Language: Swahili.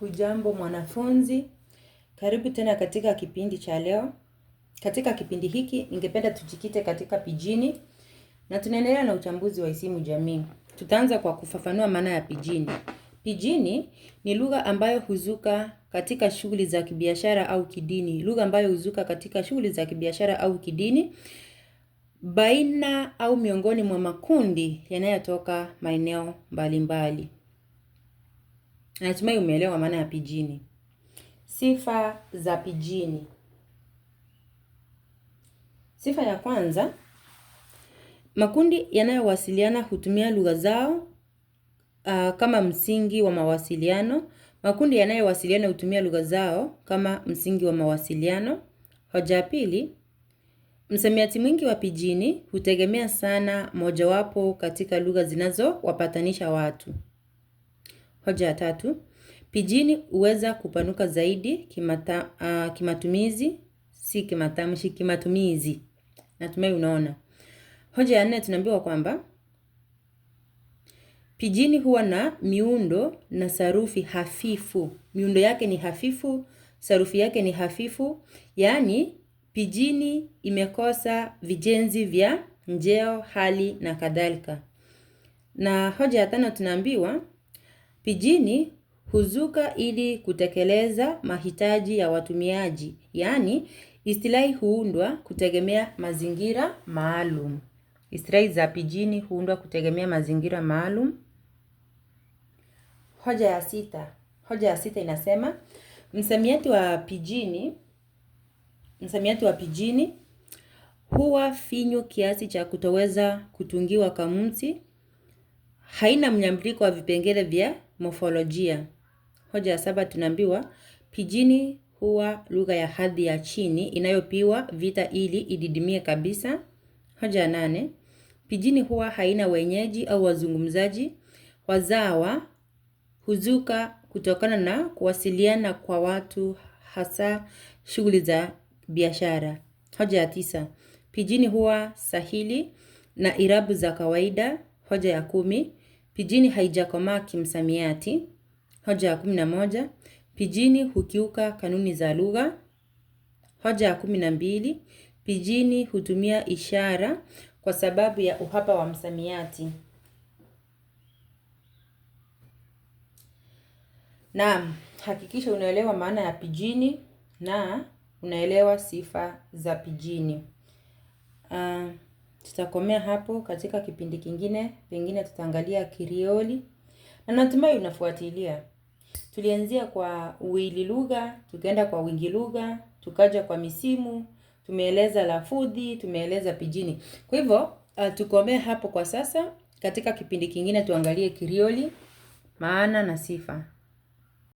Hujambo mwanafunzi, karibu tena katika kipindi cha leo. Katika kipindi hiki ningependa tujikite katika pijini na tunaendelea na uchambuzi wa isimu jamii. Tutaanza kwa kufafanua maana ya pijini. Pijini ni lugha ambayo huzuka katika shughuli za kibiashara au kidini, lugha ambayo huzuka katika shughuli za kibiashara au kidini baina au miongoni mwa makundi yanayotoka maeneo mbalimbali. Natumai umeelewa maana ya pijini. Sifa za pijini. Sifa ya kwanza, makundi yanayowasiliana hutumia lugha zao uh, kama msingi wa mawasiliano. Makundi yanayowasiliana hutumia lugha zao kama msingi wa mawasiliano. Hoja ya pili, msamiati mwingi wa pijini hutegemea sana mojawapo katika lugha zinazowapatanisha watu. Hoja ya tatu, pijini huweza kupanuka zaidi kimata, uh, kimatumizi, si kimatamshi, kimatumizi. Natumai unaona. Hoja ya nne tunaambiwa kwamba pijini huwa na miundo na sarufi hafifu. Miundo yake ni hafifu, sarufi yake ni hafifu, yaani pijini imekosa vijenzi vya njeo, hali na kadhalika. Na hoja ya tano tunaambiwa Pijini huzuka ili kutekeleza mahitaji ya watumiaji, yaani istilahi huundwa kutegemea mazingira maalum. Istilahi za pijini huundwa kutegemea mazingira maalum. Hoja ya sita. Hoja ya sita inasema msamiati wa pijini msamiati wa pijini huwa finyu kiasi cha kutoweza kutungiwa kamusi, haina mnyambuliko wa vipengele vya Mofolojia. Hoja ya saba tunaambiwa Pijini huwa lugha ya hadhi ya chini inayopiwa vita ili ididimie kabisa. Hoja ya nane Pijini huwa haina wenyeji au wazungumzaji. Wazawa huzuka kutokana na kuwasiliana kwa watu, hasa shughuli za biashara. Hoja ya tisa Pijini huwa sahili na irabu za kawaida. Hoja ya kumi Pijini haijakomaa kimsamiati. Hoja ya kumi na moja. Pijini hukiuka kanuni za lugha. Hoja ya kumi na mbili. Pijini hutumia ishara kwa sababu ya uhaba wa msamiati. Naam, hakikisha unaelewa maana ya pijini na unaelewa sifa za pijini. Uh, Tutakomea hapo katika kipindi kingine, pengine tutaangalia Krioli na natumai unafuatilia. Tulianzia kwa uwili lugha, tukaenda kwa wingi lugha, tukaja kwa misimu, tumeeleza lafudhi, tumeeleza pijini. Kwa hivyo uh, tukomee hapo kwa sasa. Katika kipindi kingine tuangalie Krioli, maana na sifa.